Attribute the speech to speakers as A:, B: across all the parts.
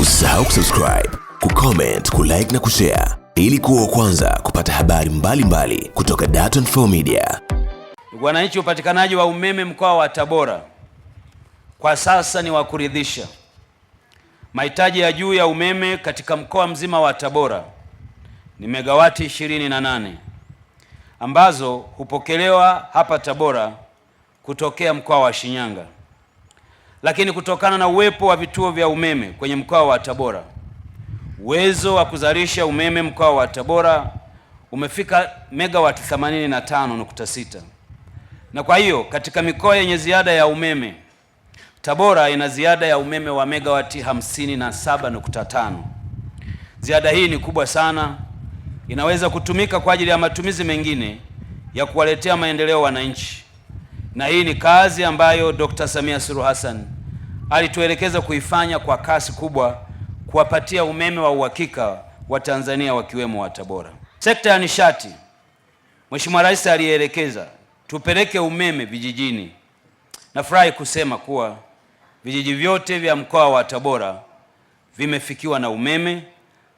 A: Usisahau kusubscribe, kucomment, kulike na kushare ili kuwa kwanza kupata habari mbalimbali mbali kutoka Dar24 Media.
B: wananchi, upatikanaji wa umeme mkoa wa Tabora kwa sasa ni wa kuridhisha. Mahitaji ya juu ya umeme katika mkoa mzima wa Tabora ni megawati 28 ambazo hupokelewa hapa Tabora kutokea mkoa wa Shinyanga. Lakini kutokana na uwepo wa vituo vya umeme kwenye mkoa wa Tabora, uwezo wa kuzalisha umeme mkoa wa Tabora umefika megawati 85.6 na kwa hiyo katika mikoa yenye ziada ya umeme Tabora ina ziada ya umeme wa megawati 57.5. Ziada hii ni kubwa sana, inaweza kutumika kwa ajili ya matumizi mengine ya kuwaletea maendeleo wananchi na hii ni kazi ambayo Dr. Samia Suluhu Hassan alituelekeza kuifanya kwa kasi kubwa, kuwapatia umeme wa uhakika wa Tanzania wakiwemo wa Tabora. Sekta ya nishati, Mheshimiwa Rais alielekeza tupeleke umeme vijijini. Nafurahi kusema kuwa vijiji vyote vya mkoa wa Tabora vimefikiwa na umeme.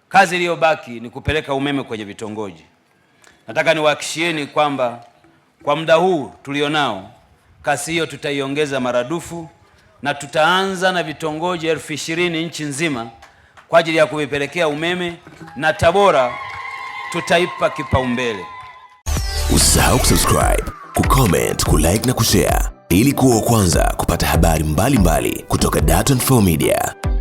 B: Kazi iliyobaki ni kupeleka umeme kwenye vitongoji. Nataka niwahakishieni kwamba kwa muda huu tulionao Kasi hiyo tutaiongeza maradufu na tutaanza na vitongoji elfu ishirini nchi nzima kwa ajili ya kuvipelekea umeme na Tabora tutaipa kipaumbele. Usisahau kusubscribe, kucomment, kulike na kushare ili kuwa wa kwanza kupata habari mbalimbali mbali kutoka Dar24 Media.